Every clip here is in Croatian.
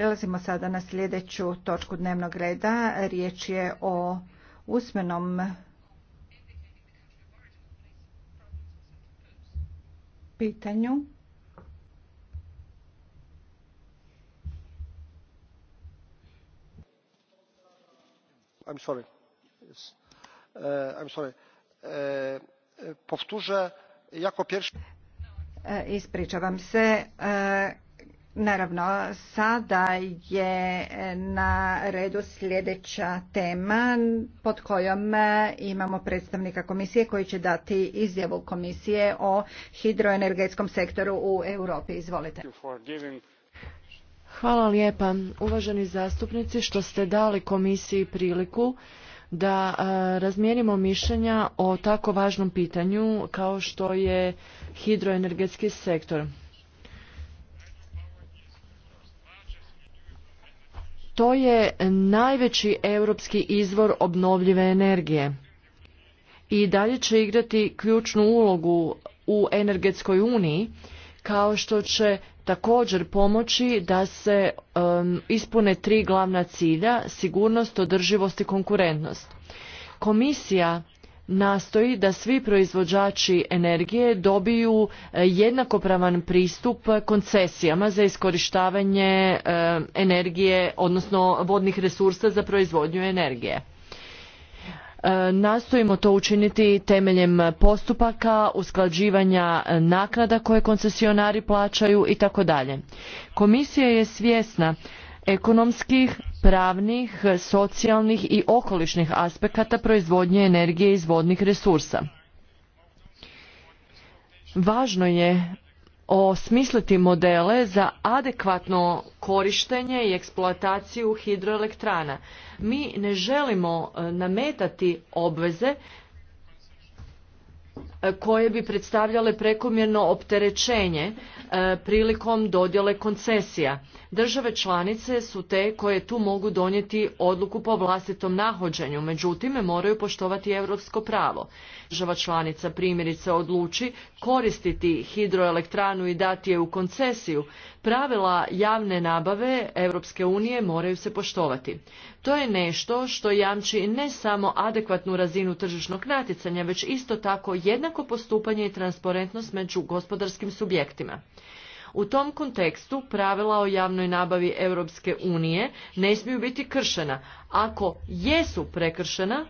Prelazimo sada na sljedeću točku dnevnog reda. Riječ je o usmenom pitanju. I'm sorry. Uh, I'm sorry. Uh, uh powtórzę jako pierwszy. E, ispričavam se. Uh, Naravno, sada je na redu sljedeća tema pod kojom imamo predstavnika komisije koji će dati izjavu komisije o hidroenergetskom sektoru u Europi. Izvolite. Hvala lijepa, uvaženi zastupnici, što ste dali komisiji priliku da e, razmijenimo mišljenja o tako važnom pitanju kao što je hidroenergetski sektor. to je najveći europski izvor obnovljive energije i dalje će igrati ključnu ulogu u energetskoj uniji kao što će također pomoći da se um, ispune tri glavna cilja sigurnost održivost i konkurentnost komisija nastoji da svi proizvođači energije dobiju e, jednakopravan pristup koncesijama za iskorištavanje e, energije, odnosno vodnih resursa za proizvodnju energije. E, nastojimo to učiniti temeljem postupaka, usklađivanja naknada koje koncesionari plaćaju i tako dalje. Komisija je svjesna ekonomskih pravnih, socijalnih i okolišnih aspekata proizvodnje energije iz vodnih resursa. Važno je osmisliti modele za adekvatno korištenje i eksploataciju hidroelektrana. Mi ne želimo e, nametati obveze koje bi predstavljale prekomjerno opterećenje e, prilikom dodjele koncesija. Države članice su te koje tu mogu donijeti odluku po vlastitom nahođenju, međutim moraju poštovati europsko pravo. Država članica primjerice odluči koristiti hidroelektranu i dati je u koncesiju. Pravila javne nabave Europske unije moraju se poštovati. To je nešto što jamči ne samo adekvatnu razinu tržišnog natjecanja, već isto tako jedna jednako postupanje i transparentnost među gospodarskim subjektima. U tom kontekstu pravila o javnoj nabavi Europske unije ne smiju biti kršena. Ako jesu prekršena,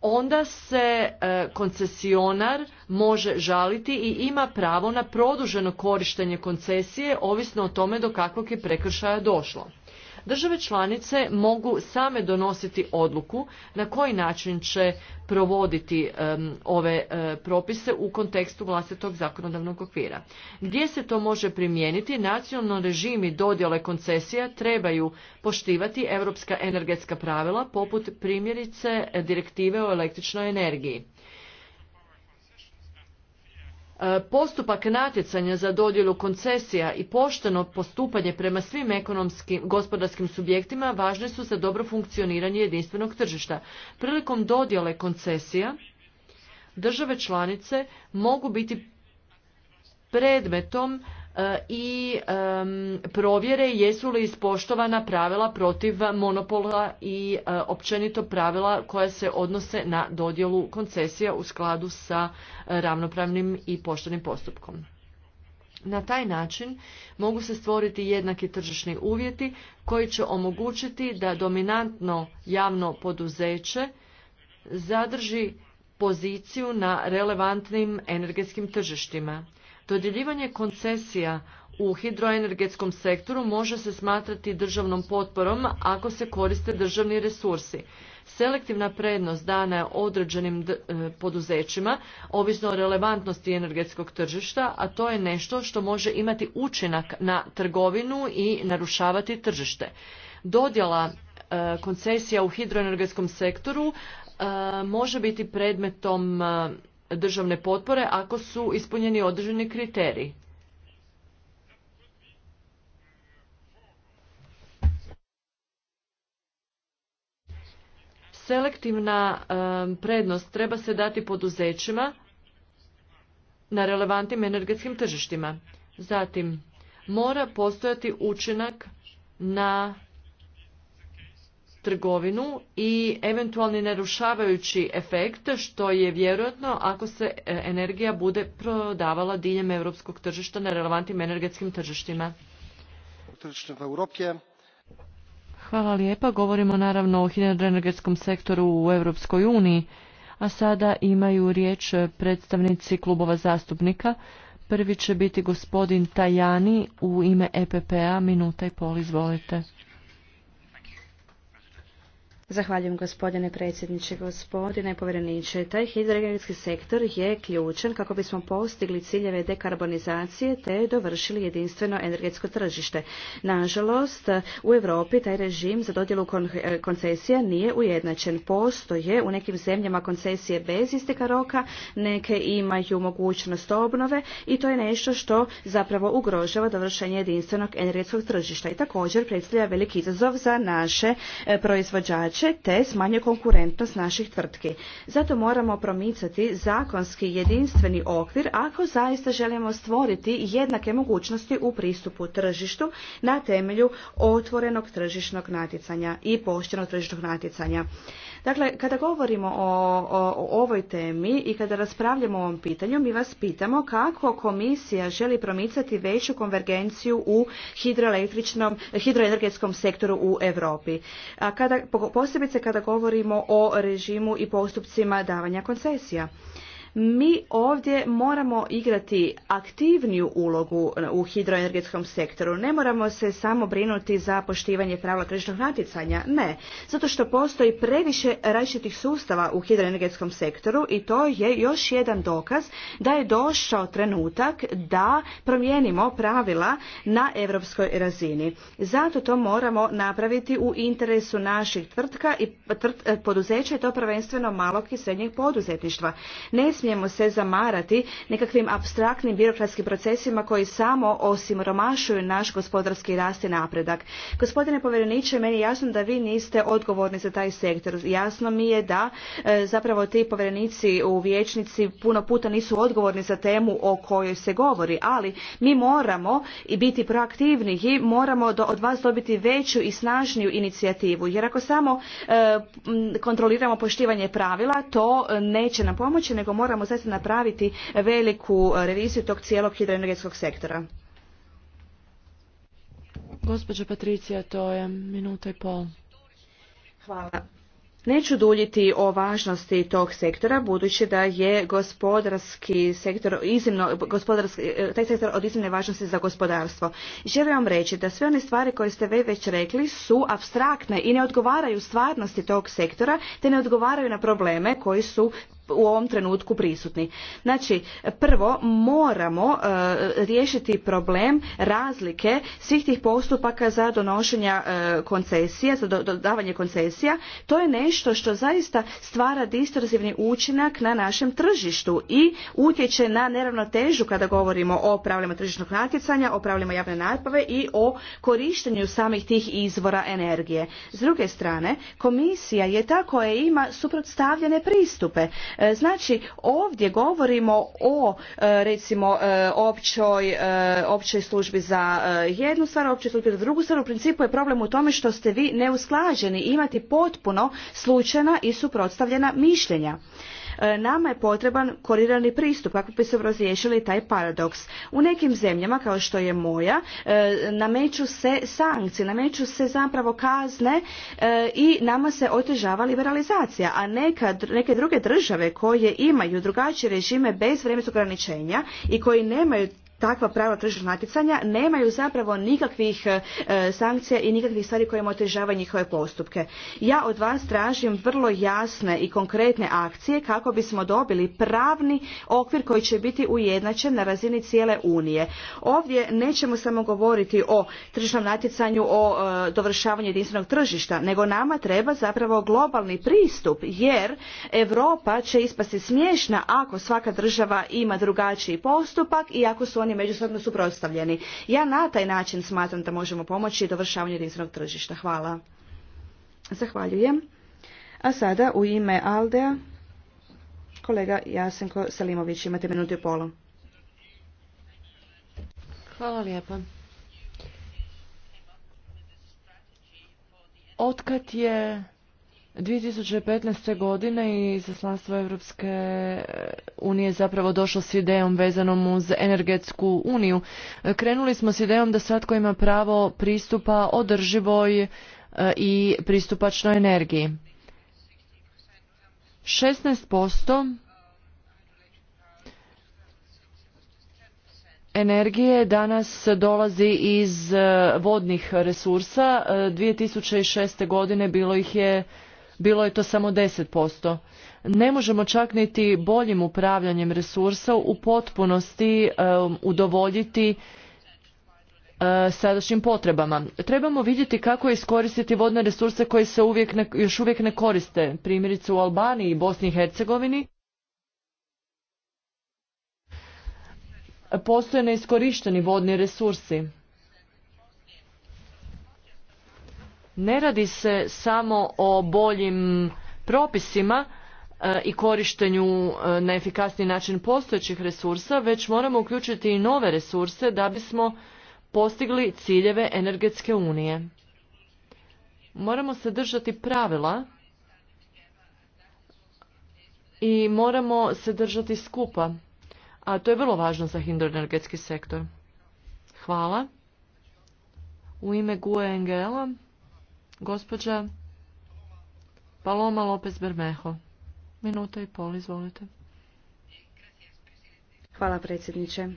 onda se e, koncesionar može žaliti i ima pravo na produženo korištenje koncesije ovisno o tome do kakvog je prekršaja došlo. Države članice mogu same donositi odluku na koji način će provoditi ove e, propise u kontekstu vlastitog zakonodavnog okvira. Gdje se to može primijeniti, nacionalni režimi dodjele koncesija trebaju poštivati europska energetska pravila poput primjerice direktive o električnoj energiji. Postupak natjecanja za dodjelu koncesija i pošteno postupanje prema svim ekonomskim gospodarskim subjektima važne su za dobro funkcioniranje jedinstvenog tržišta. Prilikom dodjele koncesija države članice mogu biti predmetom E, i provjere jesu li ispoštovana pravila protiv monopola i e, općenito pravila koja se odnose na dodjelu koncesija u skladu sa e, ravnopravnim i poštenim postupkom. Na taj način mogu se stvoriti jednaki tržišni uvjeti koji će omogućiti da dominantno javno poduzeće zadrži poziciju na relevantnim energetskim tržištima. Dodjeljivanje koncesija u hidroenergetskom sektoru može se smatrati državnom potporom ako se koriste državni resursi. Selektivna prednost dana je određenim e, poduzećima, ovisno o relevantnosti energetskog tržišta, a to je nešto što može imati učinak na trgovinu i narušavati tržište. Dodjela e, koncesija u hidroenergetskom sektoru e, može biti predmetom državne potpore ako su ispunjeni određeni kriteriji. Selektivna prednost treba se dati poduzećima na relevantnim energetskim tržištima. Zatim, mora postojati učinak na trgovinu i eventualni narušavajući efekt što je vjerojatno ako se e, energija bude prodavala diljem europskog tržišta na relevantnim energetskim tržištima. Hvala lijepa. Govorimo naravno o hidroenergetskom sektoru u Europskoj uniji, a sada imaju riječ predstavnici klubova zastupnika. Prvi će biti gospodin Tajani u ime EPP-a. Minuta i pol, izvolite. Zahvaljujem gospodine predsjedniče, gospodine povjereniče. Taj hidroenergetski sektor je ključan kako bismo postigli ciljeve dekarbonizacije te dovršili jedinstveno energetsko tržište. Nažalost, u Europi taj režim za dodjelu koncesija nije ujednačen. Postoje u nekim zemljama koncesije bez isteka roka, neke imaju mogućnost obnove i to je nešto što zapravo ugrožava dovršenje jedinstvenog energetskog tržišta i također predstavlja veliki izazov za naše e, proizvođače te smanjuje konkurentnost naših tvrtki. Zato moramo promicati zakonski jedinstveni okvir ako zaista želimo stvoriti jednake mogućnosti u pristupu tržištu na temelju otvorenog tržišnog natjecanja i poštenog tržišnog natjecanja. Dakle, kada govorimo o, ovoj temi i kada raspravljamo o ovom pitanju, mi vas pitamo kako komisija želi promicati veću konvergenciju u hidroelektričnom, hidroenergetskom sektoru u Europi. A kada, posebice kada govorimo o režimu i postupcima davanja koncesija. Mi ovdje moramo igrati aktivniju ulogu u hidroenergetskom sektoru. Ne moramo se samo brinuti za poštivanje pravila tržišnog natjecanja. Ne, zato što postoji previše različitih sustava u hidroenergetskom sektoru i to je još jedan dokaz da je došao trenutak da promijenimo pravila na europskoj razini. Zato to moramo napraviti u interesu naših tvrtka i poduzeća i to prvenstveno malog i srednjeg poduzetništva. Ne smijemo se zamarati nekakvim abstraktnim birokratskim procesima koji samo osim romašuju naš gospodarski rast i napredak. Gospodine povjereniče, meni je jasno da vi niste odgovorni za taj sektor. Jasno mi je da e, zapravo ti povjerenici u vijećnici puno puta nisu odgovorni za temu o kojoj se govori, ali mi moramo i biti proaktivni i moramo od vas dobiti veću i snažniju inicijativu. Jer ako samo e, kontroliramo poštivanje pravila, to e, neće nam pomoći, nego moramo moramo zaista napraviti veliku e, reviziju tog cijelog hidroenergetskog sektora. Gospođa Patricija, to je minuta i pol. Hvala. Neću duljiti o važnosti tog sektora, budući da je gospodarski sektor iznimno, gospodarski, e, taj sektor od iznimne važnosti za gospodarstvo. Želim vam reći da sve one stvari koje ste vi već rekli su abstraktne i ne odgovaraju stvarnosti tog sektora, te ne odgovaraju na probleme koji su u ovom trenutku prisutni. Znači, prvo moramo e, riješiti problem razlike svih tih postupaka za donošenje koncesija, za dodavanje koncesija. To je nešto što zaista stvara distorzivni učinak na našem tržištu i utječe na neravnotežu kada govorimo o pravilima tržišnog natjecanja, o pravilima javne nabave i o korištenju samih tih izvora energije. S druge strane, komisija je ta koja ima suprotstavljene pristupe. E, znači, ovdje govorimo o e, recimo e, općoj, službi za jednu stvar, općoj službi za drugu stvar. U principu je problem u tome što ste vi neusklađeni imati potpuno slučajna i suprotstavljena mišljenja. E, nama je potreban korirani pristup kako bi se razriješili taj paradoks. U nekim zemljama kao što je moja e, nameću se sankcije, nameću se zapravo kazne e, i nama se otežava liberalizacija, a neke druge države koje imaju drugačije režime bez vremenskog ograničenja i koji nemaju takva prava tržišnog natjecanja nemaju zapravo nikakvih e, sankcija i nikakvih stvari koje im otežavaju njihove postupke. Ja od vas tražim vrlo jasne i konkretne akcije kako bismo dobili pravni okvir koji će biti ujednačen na razini cijele Unije. Ovdje nećemo samo govoriti o tržišnom natjecanju, o e, dovršavanju jedinstvenog tržišta, nego nama treba zapravo globalni pristup jer Europa će ispasti smiješna ako svaka država ima drugačiji postupak i ako su oni međusobno suprotstavljeni. Ja na taj način smatram da možemo pomoći dovršavanju jedinstvenog tržišta. Hvala. Zahvaljujem. A sada u ime Aldea kolega Jasenko Salimović. Imate minutu i polo. Hvala lijepa. Otkad je 2015. godine i zaslanstvo Europske eh, unije zapravo došlo s idejom vezanom uz energetsku uniju. Eh, krenuli smo s idejom da svatko ima pravo pristupa održivoj eh, i pristupačnoj energiji. 16% energije danas dolazi iz vodnih resursa. 2006. godine bilo ih je bilo je to samo 10%. Ne možemo čak niti boljim upravljanjem resursa u potpunosti um, udovoljiti uh, sadašnjim potrebama. Trebamo vidjeti kako iskoristiti vodne resurse koje se uvijek još uvijek ne koriste, primjerice u Albaniji i Bosni i Hercegovini. Postoje neiskorišteni vodni resursi. Ne radi se samo o boljim propisima e, i korištenju e, na efikasni način postojećih resursa, već moramo uključiti i nove resurse da bismo postigli ciljeve energetske unije. Moramo se držati pravila i moramo se držati skupa, a to je vrlo važno za hidroenergetski sektor. Hvala. U ime GUE NGL-a Gospođa Paloma Lopez Bermejo, Minuta i pol, izvolite. Hvala predsjedniče.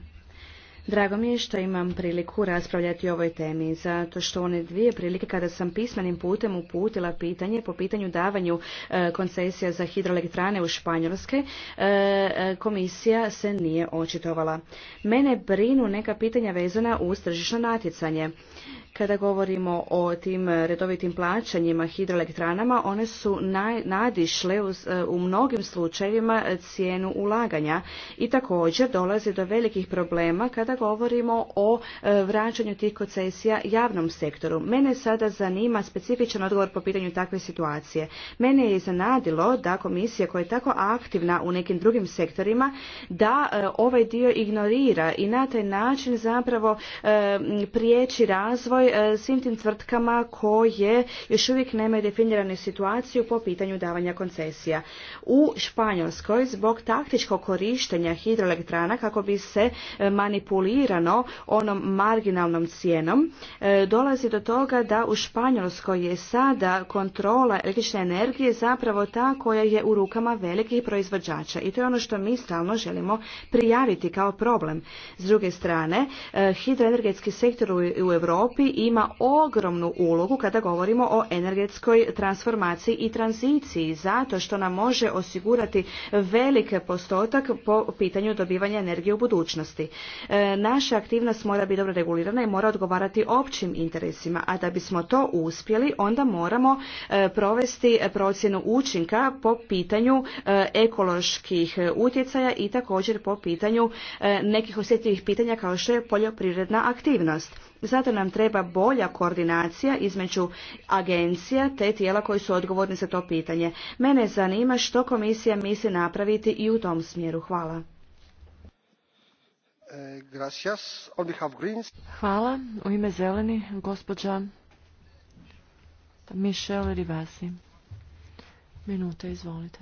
Drago mi je što imam priliku raspravljati o ovoj temi, zato što one dvije prilike kada sam pismenim putem uputila pitanje po pitanju davanju e, koncesija za hidroelektrane u Španjolske, e, e, komisija se nije očitovala. Mene brinu neka pitanja vezana uz tržišno natjecanje. Kada govorimo o tim redovitim plaćanjima hidroelektranama, one su nadišle e, u, mnogim slučajevima cijenu ulaganja i također dolazi do velikih problema kada govorimo o e, vraćanju tih koncesija javnom sektoru. Mene sada zanima specifičan odgovor po pitanju takve situacije. Mene je iznenadilo da komisija koja je tako aktivna u nekim drugim sektorima da e, ovaj dio ignorira i na taj način zapravo priječi razvoj E, svim tim tvrtkama koje još uvijek nemaju definiranu situaciju po pitanju davanja koncesija. U Španjolskoj zbog taktičkog korištenja hidroelektrana kako bi se e, manipulirano onom marginalnom cijenom e, dolazi do toga da u Španjolskoj je sada kontrola električne energije zapravo ta koja je u rukama velikih proizvođača i to je ono što mi stalno želimo prijaviti kao problem. S druge strane, hidroenergetski sektor u Europi ima ogromnu ulogu kada govorimo o energetskoj transformaciji i tranziciji, zato što nam može osigurati velike postotak po pitanju dobivanja energije u budućnosti. E, naša aktivnost mora biti dobro regulirana i mora odgovarati općim interesima, a da bismo to uspjeli, onda moramo e, provesti procjenu učinka po pitanju e, ekoloških utjecaja i također po pitanju nekih osjetljivih pitanja kao što je poljoprivredna aktivnost. Zato nam treba bolja koordinacija između agencija te tijela koji su odgovorni za to pitanje. Mene zanima što komisija misli napraviti i u tom smjeru. Hvala. Eh, Hvala. U ime zeleni, gospođa Michelle Rivasi. Minuta, izvolite.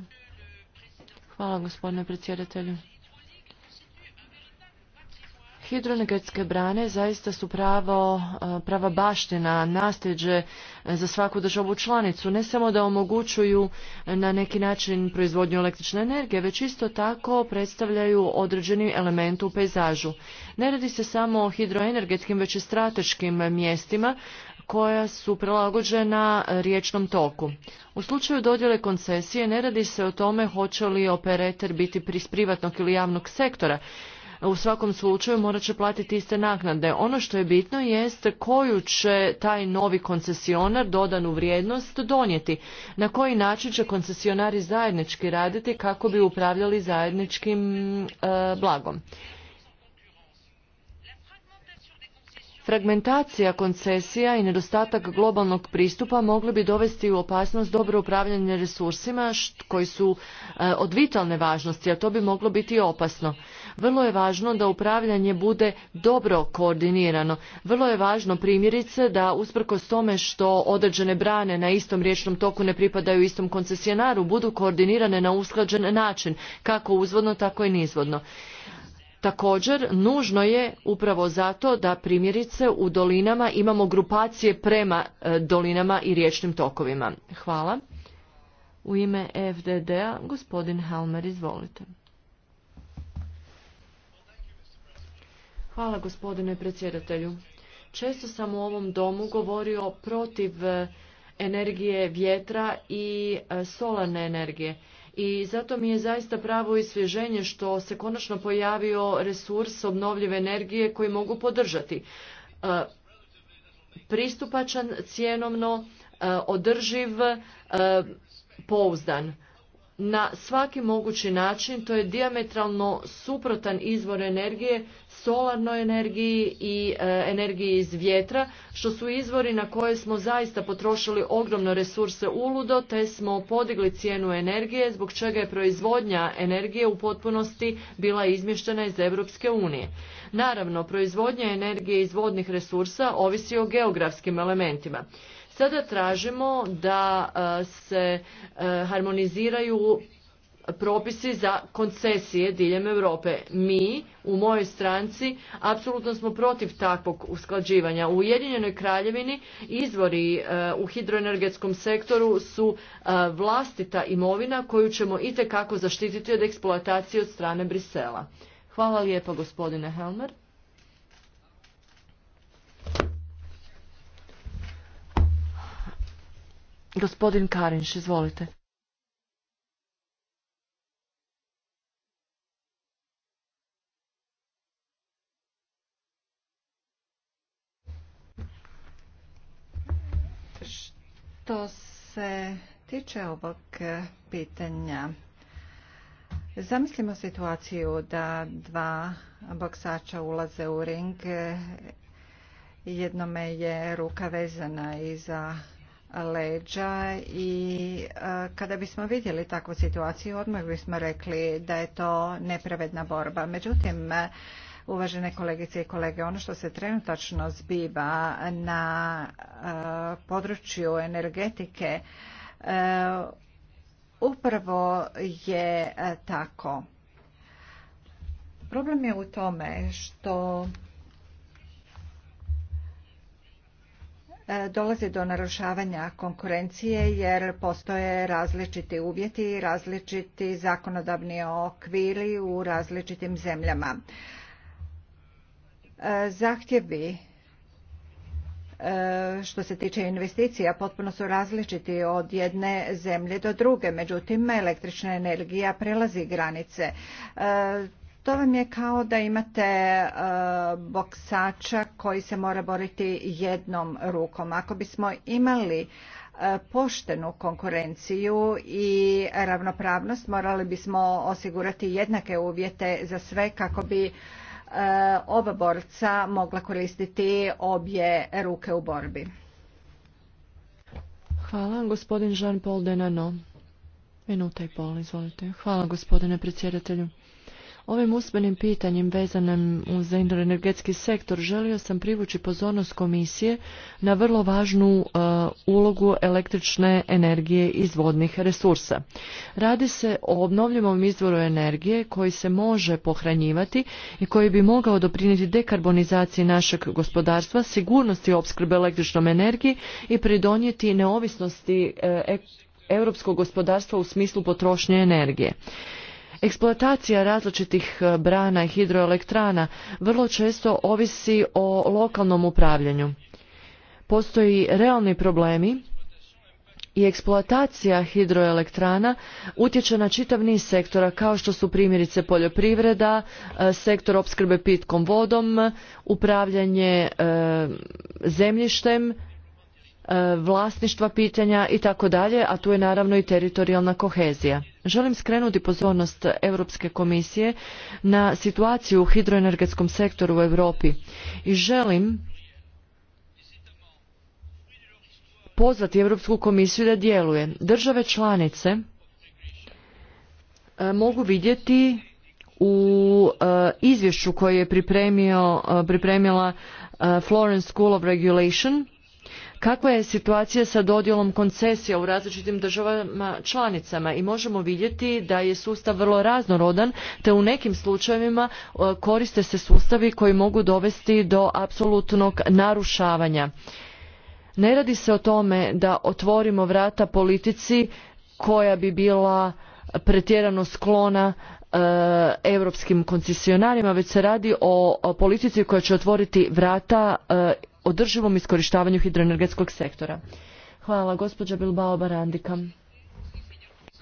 Hvala, gospodine predsjedatelju. Hidroenergetske brane zaista su pravo, e, prava baština, nasljeđe e, za svaku državu članicu. Ne samo da omogućuju e, na neki način proizvodnju električne energije, već isto tako predstavljaju određeni element u pejzažu. Ne radi se samo o hidroenergetskim, već i strateškim mjestima koja su prilagođena riječnom toku. U slučaju dodjele koncesije ne radi se o tome hoće li operator biti pris privatnog ili javnog sektora, u svakom slučaju morat će platiti iste naknade. Ono što je bitno jest koju će taj novi koncesionar dodanu vrijednost donijeti. Na koji način će koncesionari zajednički raditi kako bi upravljali zajedničkim e, blagom. Fragmentacija koncesija i nedostatak globalnog pristupa mogli bi dovesti u opasnost dobro upravljanje resursima koji su e, od vitalne važnosti, a to bi moglo biti opasno. Vrlo je važno da upravljanje bude dobro koordinirano. Vrlo je važno primjerice da usprkos tome što određene brane na istom riječnom toku ne pripadaju istom koncesionaru budu koordinirane na usklađen način kako uzvodno tako i nizvodno. Također, nužno je upravo zato da primjerice u dolinama imamo grupacije prema e, dolinama i riječnim tokovima. Hvala. U ime FDD-a, gospodin Halmer, izvolite. Hvala gospodine predsjedatelju. Često sam u ovom domu govorio protiv e, energije vjetra i e, solarne energije. I zato mi je zaista pravo isvježenje što se konačno pojavio resurs obnovljive energije koji mogu podržati. E, pristupačan, cijenomno, održiv, pouzdan na svaki mogući način, to je diametralno suprotan izvor energije, solarnoj energiji i e, energiji iz vjetra, što su izvori na koje smo zaista potrošili ogromno resurse uludo, te smo podigli cijenu energije, zbog čega je proizvodnja energije u potpunosti bila izmještena iz Europske unije. Naravno, proizvodnja energije iz vodnih resursa ovisi o geografskim elementima. Sada tražimo da e, se e, harmoniziraju propisi za koncesije diljem Europe. Mi u mojoj stranci apsolutno smo protiv takvog usklađivanja. U Ujedinjenoj Kraljevini izvori e, u hidroenergetskom sektoru su vlastita imovina koju ćemo itekako zaštititi od eksploatacije od strane Brisela. Hvala lijepa gospodine Helmer. Gospodin Karinš, izvolite. Što se tiče ovog pitanja, zamislimo situaciju da dva boksača ulaze u ring, jednome je ruka vezana iza leđa i e, kada bismo vidjeli takvu situaciju odmah bismo rekli da je to nepravedna borba. Međutim, e, uvažene kolegice i kolege, ono što se trenutačno zbiva na e, području energetike upravo je tako. Problem je u tome što E, dolazi do narušavanja konkurencije jer postoje različiti uvjeti i različiti zakonodavni okviri u različitim zemljama. E, zahtjevi e, što se tiče investicija potpuno su različiti od jedne zemlje do druge. Međutim, električna energija prelazi granice. To vam je kao da imate e, boksača koji se mora boriti jednom rukom. Ako bismo imali e, poštenu konkurenciju i ravnopravnost morali bismo osigurati jednake uvjete za sve kako bi e, oba borca mogla koristiti obje ruke u borbi. Hvala, gospodin Jean-Paul Denano. Minuta i pol, izvolite. Hvala, gospodine predsjedatelju. Ovim usmenim pitanjem vezanim uz energetski sektor želio sam privući pozornost komisije na vrlo važnu e, ulogu električne energije iz vodnih resursa. Radi se o obnovljivom izvoru energije koji se može pohranjivati i koji bi mogao doprinijeti dekarbonizaciji našeg gospodarstva, sigurnosti opskrbe električnom energiji i pridonijeti neovisnosti e, e, europskog gospodarstva u smislu potrošnje energije. Eksploatacija različitih e, brana i hidroelektrana vrlo često ovisi o lokalnom upravljanju. Postoji realni problemi i eksploatacija hidroelektrana utječe na čitav niz sektora kao što su primjerice poljoprivreda, e, sektor opskrbe pitkom vodom, upravljanje e, zemljištem, E, vlasništva pitanja i tako dalje, a tu je naravno i teritorijalna kohezija. Želim skrenuti pozornost Europske komisije na situaciju u hidroenergetskom sektoru u Europi i želim pozvati Europsku komisiju da djeluje. Države članice e, mogu vidjeti u e, izvješću koje je pripremio, pripremila Florence School of Regulation kakva je situacija sa dodjelom koncesija u različitim državama članicama i možemo vidjeti da je sustav vrlo raznorodan te u nekim slučajevima e, koriste se sustavi koji mogu dovesti do apsolutnog narušavanja. Ne radi se o tome da otvorimo vrata politici koja bi bila pretjerano sklona e, europskim koncesionarima već se radi o, politici koja će otvoriti vrata e, održivom iskorištavanju hidroenergetskog sektora. Hvala, gospođa Bilbao Barandika.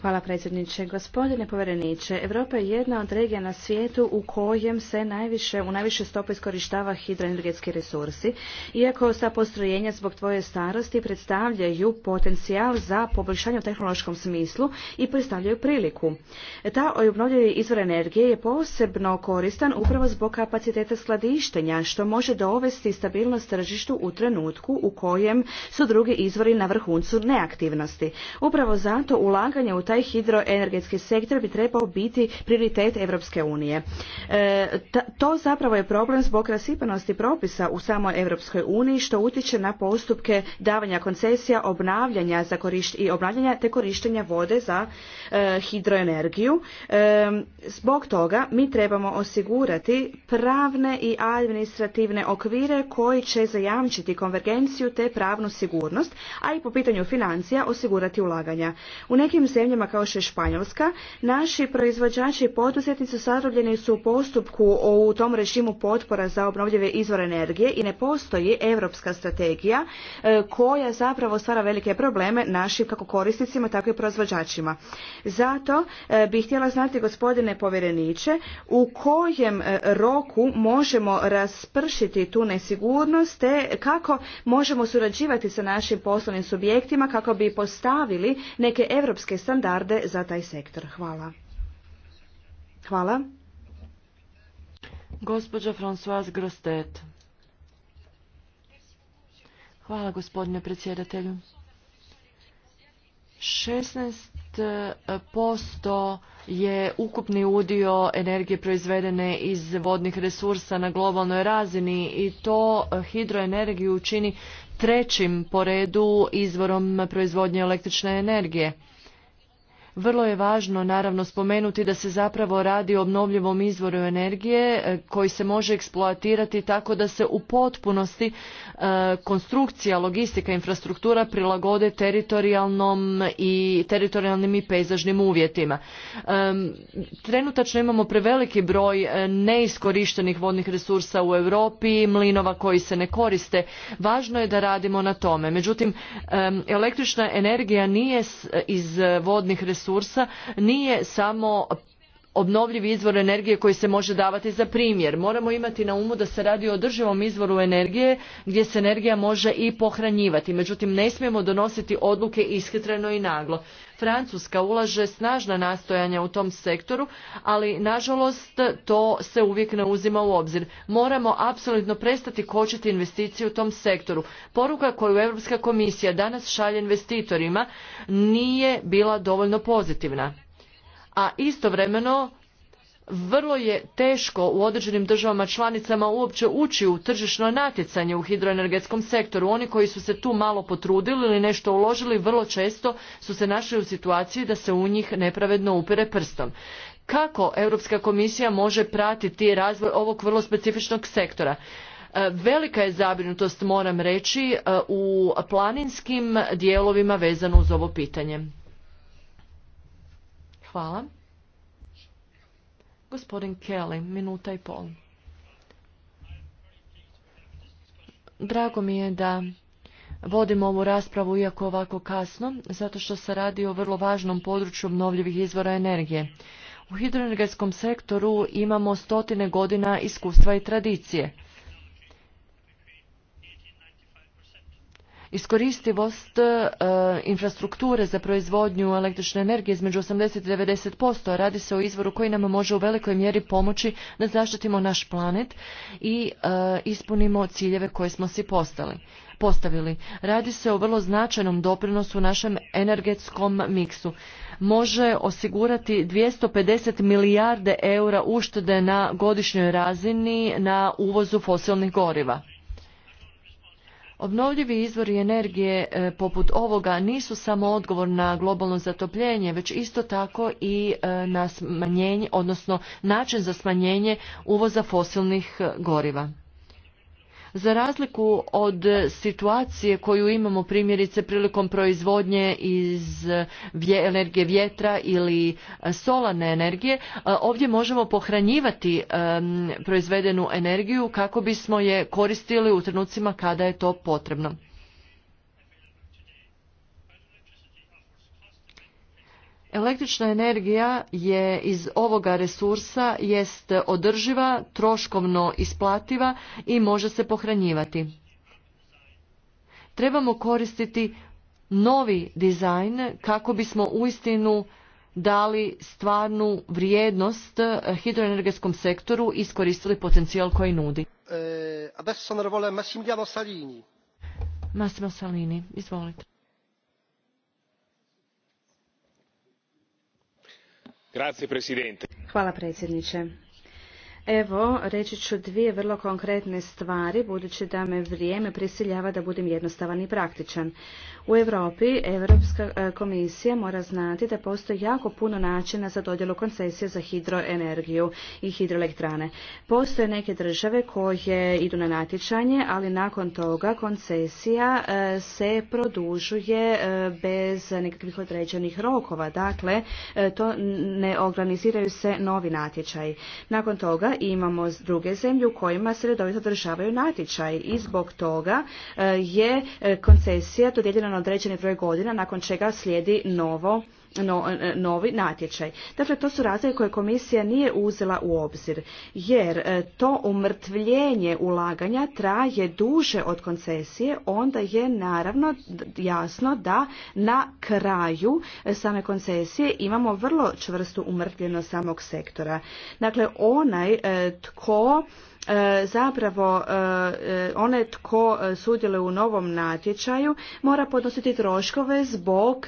Hvala predsjedniče. Gospodine povjereniče, Europa je jedna od regija na svijetu u kojem se najviše, u najviše stopi iskorištava hidroenergetski resursi, iako sa postrojenja zbog tvoje starosti predstavljaju potencijal za poboljšanje u tehnološkom smislu i predstavljaju priliku. Ta obnovljivi izvor energije je posebno koristan upravo zbog kapaciteta skladištenja, što može dovesti stabilnost tržištu u trenutku u kojem su drugi izvori na vrhuncu neaktivnosti. Upravo zato ulaganje u taj hidroenergetski sektor bi trebao biti prioritet Europske unije. E, to zapravo je problem zbog rasipanosti propisa u samoj Europskoj uniji što utječe na postupke davanja koncesija, obnavljanja i obnavljanja te korištenja vode za e, hidroenergiju. E, zbog toga mi trebamo osigurati pravne i administrativne okvire koji će zajamčiti konvergenciju te pravnu sigurnost, a i po pitanju financija osigurati ulaganja. U nekim zemljama zemljama kao što je Španjolska, naši proizvođači i poduzetnici sadrobljeni su u postupku u tom režimu potpora za obnovljive izvore energije i ne postoji europska strategija e, koja zapravo stvara velike probleme našim kako korisnicima tako i proizvođačima. Zato e, bih htjela znati gospodine povjereniče u kojem e, roku možemo raspršiti tu nesigurnost te kako možemo surađivati sa našim poslovnim subjektima kako bi postavili neke europske standarde standarde za taj sektor. Hvala. Hvala. Gospođa Françoise Grostet. Hvala gospodine predsjedatelju. 16% je ukupni udio energije proizvedene iz vodnih resursa na globalnoj razini i to hidroenergiju čini trećim po redu izvorom proizvodnje električne energije. Vrlo je važno naravno spomenuti da se zapravo radi o obnovljivom izvoru energije e, koji se može eksploatirati tako da se u potpunosti e, konstrukcija, logistika, infrastruktura prilagode teritorijalnom i teritorijalnim i pejzažnim uvjetima. E, trenutačno imamo preveliki broj neiskorištenih vodnih resursa u Europi, mlinova koji se ne koriste. Važno je da radimo na tome. Međutim, električna energija nije iz vodnih resursa resursa nije samo obnovljivi izvor energije koji se može davati za primjer. Moramo imati na umu da se radi o održivom izvoru energije gdje se energija može i pohranjivati. Međutim, ne smijemo donositi odluke ishitreno i naglo. Francuska ulaže snažna nastojanja u tom sektoru, ali nažalost to se uvijek ne uzima u obzir. Moramo apsolutno prestati kočiti investicije u tom sektoru. Poruka koju Europska komisija danas šalje investitorima nije bila dovoljno pozitivna a istovremeno vrlo je teško u određenim državama članicama uopće ući u tržišno natjecanje u hidroenergetskom sektoru. Oni koji su se tu malo potrudili ili nešto uložili vrlo često su se našli u situaciji da se u njih nepravedno upire prstom. Kako Europska komisija može pratiti razvoj ovog vrlo specifičnog sektora? E, velika je zabrinutost, moram reći, e, u planinskim dijelovima vezano uz ovo pitanje. Hvala. Gospodin Kelly, minuta i pol. Drago mi je da vodim ovu raspravu iako ovako kasno, zato što se radi o vrlo važnom području obnovljivih izvora energije. U hidroenergetskom sektoru imamo stotine godina iskustva i tradicije. iskoristivost e, infrastrukture za proizvodnju električne energije između 80 i 90%. Radi se o izvoru koji nam može u velikoj mjeri pomoći da zaštitimo naš planet i e, ispunimo ciljeve koje smo si postali, postavili. Radi se o vrlo značajnom doprinosu našem energetskom miksu. Može osigurati 250 milijarde eura uštede na godišnjoj razini na uvozu fosilnih goriva. Obnovljivi izvori energije e, poput ovoga nisu samo odgovor na globalno zatopljenje, već isto tako i e, na smanjenje, odnosno način za smanjenje uvoza fosilnih e, goriva. Za razliku od situacije koju imamo primjerice prilikom proizvodnje iz energije vjetra ili e, solarne energije, e, ovdje možemo pohranjivati e, proizvedenu energiju kako bismo je koristili u trenucima kada je to potrebno. Električna energija je iz ovoga resursa jest održiva, troškovno isplativa i može se pohranjivati. Trebamo koristiti novi dizajn kako bismo uistinu dali stvarnu vrijednost eh, hidroenergetskom sektoru i iskoristili potencijal koji nudi. E, Massimo Salini, izvolite. Grazie presidente. Hvala predsjedniče. Evo, reći ću dvije vrlo konkretne stvari, budući da me vrijeme prisiljava da budem jednostavan i praktičan. U Europi Europska e, komisija mora znati da postoji jako puno načina za dodjelu koncesije za hidroenergiju i hidroelektrane. Postoje neke države koje idu na natječanje, ali nakon toga koncesija e, se produžuje e, bez nekakvih određenih rokova. Dakle, to ne organiziraju se novi natječaji. Nakon toga imamo druge zemlje u kojima se redovito održavaju natječaji i zbog toga e, je e, koncesija dodijeljena na određeni broj godina nakon čega slijedi novo E, e, novi natječaj. Dakle, to su razlike koje komisija nije uzela u obzir, jer e, to umrtvljenje ulaganja traje duže od koncesije, onda je naravno jasno da na kraju same koncesije imamo vrlo čvrstu umrtvljenost samog sektora. Dakle, onaj tko zapravo one tko sudjeluje u novom natječaju mora podnositi troškove zbog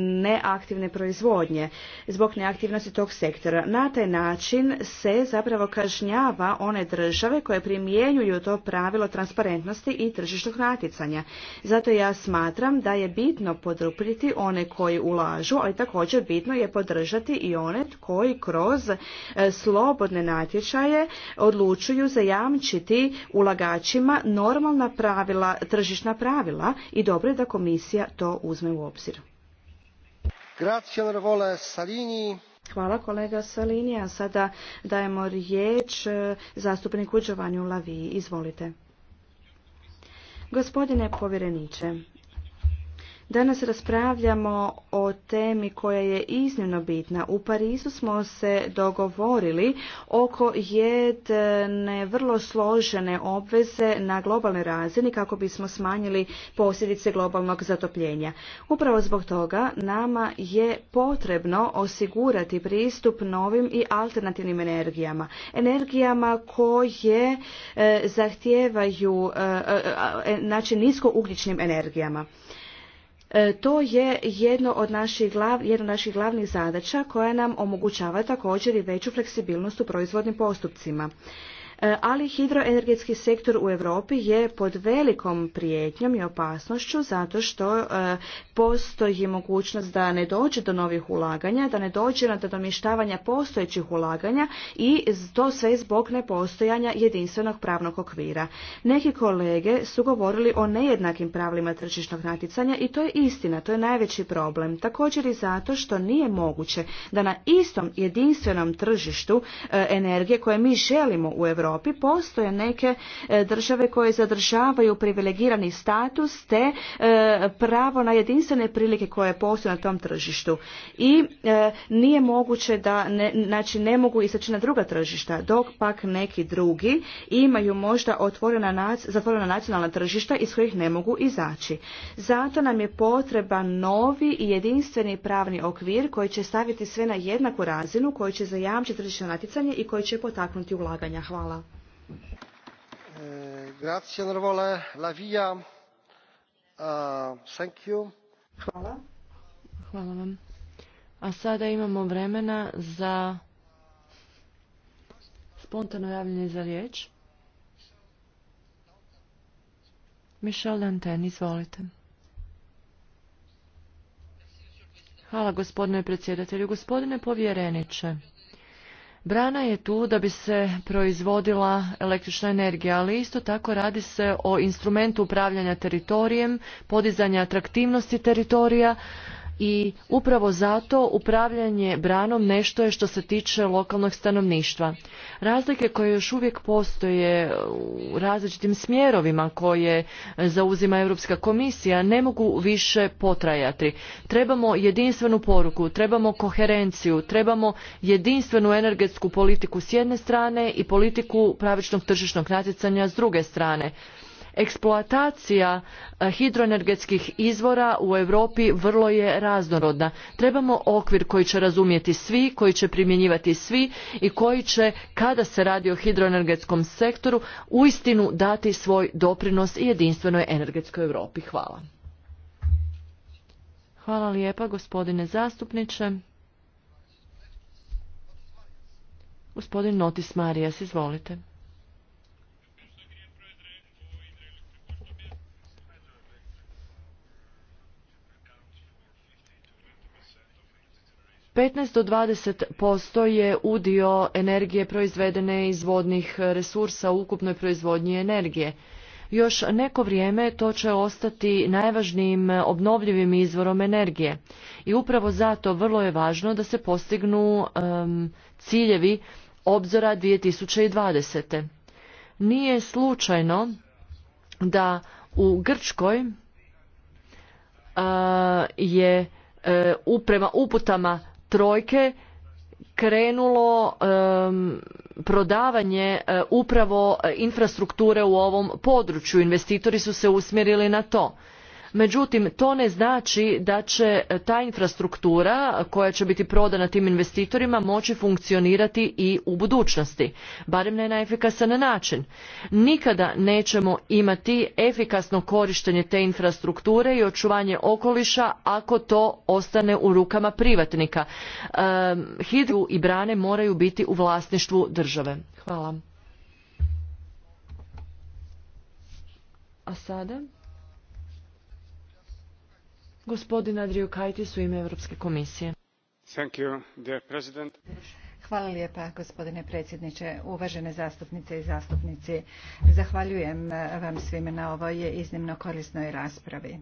neaktivne proizvodnje, zbog neaktivnosti tog sektora. Na taj način se zapravo kažnjava one države koje primjenjuju to pravilo transparentnosti i tržišnog natjecanja. Zato ja smatram da je bitno podrupiti one koji ulažu, ali također bitno je podržati i one koji kroz e, slobodne natječaje odlučuju zajamčiti ulagačima normalna pravila, tržišna pravila i dobro je da komisija to uzme u obzir. Hvala kolega Salini, a sada dajemo riječ e, zastupniku Giovanniu Lavi. Izvolite. Gospodine povjereniče, Danas raspravljamo o temi koja je iznimno bitna. U Parizu smo se dogovorili oko jedne vrlo složene obveze na globalnoj razini kako bismo smanjili posljedice globalnog zatopljenja. Upravo zbog toga nama je potrebno osigurati pristup novim i alternativnim energijama. Energijama koje e, zahtijevaju, e, e, znači niskougljičnim energijama. E, to je jedno od naših, glav, jedno od naših glavnih zadaća koja nam omogućava također i veću fleksibilnost u proizvodnim postupcima. E, ali hidroenergetski sektor u Europi je pod velikom prijetnjom i opasnošću zato što e, postoji mogućnost da ne dođe do novih ulaganja, da ne dođe do domištavanja postojećih ulaganja i to sve zbog nepostojanja jedinstvenog pravnog okvira. Neki kolege su govorili o nejednakim pravilima tržišnog natjecanja i to je istina, to je najveći problem. Također i zato što nije moguće da na istom jedinstvenom tržištu e, energije koje mi želimo u Europi Europi postoje neke e, države koje zadržavaju privilegirani status te e, pravo na jedinstvene prilike koje postoje na tom tržištu. I e, nije moguće da ne, znači ne mogu izaći na druga tržišta, dok pak neki drugi imaju možda otvorena, zatvorena nacionalna tržišta iz kojih ne mogu izaći. Zato nam je potreban novi i jedinstveni pravni okvir koji će staviti sve na jednaku razinu, koji će zajamčiti tržišno natjecanje i koji će potaknuti ulaganja. Hvala. Uh, Hvala. vam. A sada imamo vremena za spontano javljanje za riječ. Michel Danten, izvolite. Hvala gospodine predsjedatelju. Gospodine povjereniče, Brana je tu da bi se proizvodila električna energija, ali isto tako radi se o instrumentu upravljanja teritorijem, podizanja atraktivnosti teritorija, i upravo zato upravljanje branom nešto je što se tiče lokalnog stanovništva. Razlike koje još uvijek postoje u različitim smjerovima koje zauzima Europska komisija ne mogu više potrajati. Trebamo jedinstvenu poruku, trebamo koherenciju, trebamo jedinstvenu energetsku politiku s jedne strane i politiku pravičnog tržišnog natjecanja s druge strane. Eksploatacija eh, hidroenergetskih izvora u Europi vrlo je raznorodna. Trebamo okvir koji će razumjeti svi, koji će primjenjivati svi i koji će, kada se radi o hidroenergetskom sektoru, uistinu dati svoj doprinos i jedinstvenoj energetskoj Europi. Hvala. Hvala lijepa gospodine zastupniče. Gospodin Notis Marijas, izvolite. 15 do 20% je udio energije proizvedene iz vodnih resursa u ukupnoj proizvodnji energije. Još neko vrijeme to će ostati najvažnijim obnovljivim izvorom energije i upravo zato vrlo je važno da se postignu ciljevi obzora 2020. Nije slučajno da u Grčkoj uh, je uh, prema uputama trojke krenulo prodavanje e, upravo e, infrastrukture u ovom području investitori su se usmjerili na to međutim to ne znači da će ta infrastruktura koja će biti prodana tim investitorima moći funkcionirati i u budućnosti barem ne na efikasan način nikada nećemo imati efikasno korištenje te infrastrukture i očuvanje okoliša ako to ostane u rukama privatnika hidru i brane moraju biti u vlasništvu države hvala a sada Gospodin Adriju u ime Europske komisije. Thank you, dear president. Hvala lijepa gospodine predsjedniče, uvažene zastupnice i zastupnici. Zahvaljujem vam svima na ovoj iznimno korisnoj raspravi.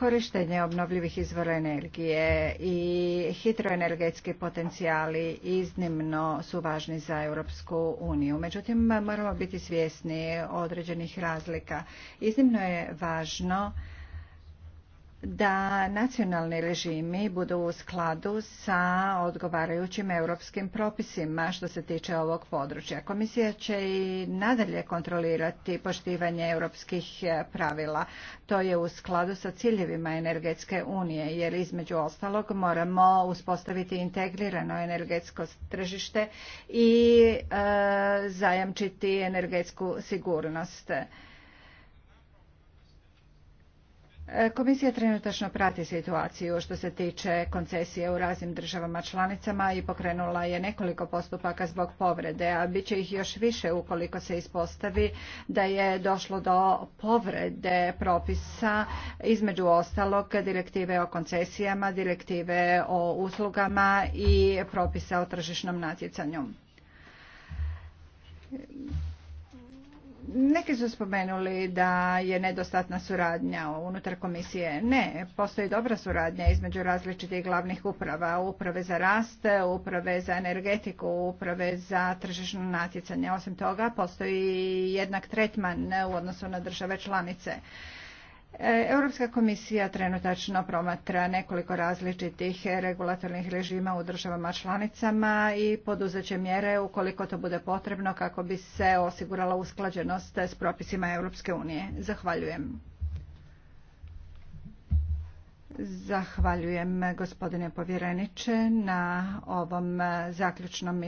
korištenje obnovljivih izvora energije i hidroenergetski potencijali iznimno su važni za Europsku uniju. Međutim, moramo biti svjesni određenih razlika. Iznimno je važno da nacionalni režimi budu u skladu sa odgovarajućim europskim propisima što se tiče ovog područja. Komisija će i nadalje kontrolirati poštivanje europskih e, pravila. To je u skladu sa ciljevima energetske unije jer između ostalog moramo uspostaviti integrirano energetsko tržište i e, zajamčiti energetsku sigurnost. Komisija trenutačno prati situaciju što se tiče koncesije u raznim državama članicama i pokrenula je nekoliko postupaka zbog povrede, a bit će ih još više ukoliko se ispostavi da je došlo do povrede propisa, između ostalog direktive o koncesijama, direktive o uslugama i propisa o tržišnom natjecanju neki su spomenuli da je nedostatna suradnja unutar komisije. Ne, postoji dobra suradnja između različitih glavnih uprava, uprave za rast, uprave za energetiku, uprave za tržišno natjecanje. Osim toga, postoji jednak tretman u odnosu na države članice. E, Europska komisija trenutačno promatra nekoliko različitih regulatornih režima u državama članicama i poduzet će mjere ukoliko to bude potrebno kako bi se osigurala usklađenost s propisima Europske unije. Zahvaljujem. Zahvaljujem gospodine povjereniče na ovom zaključnom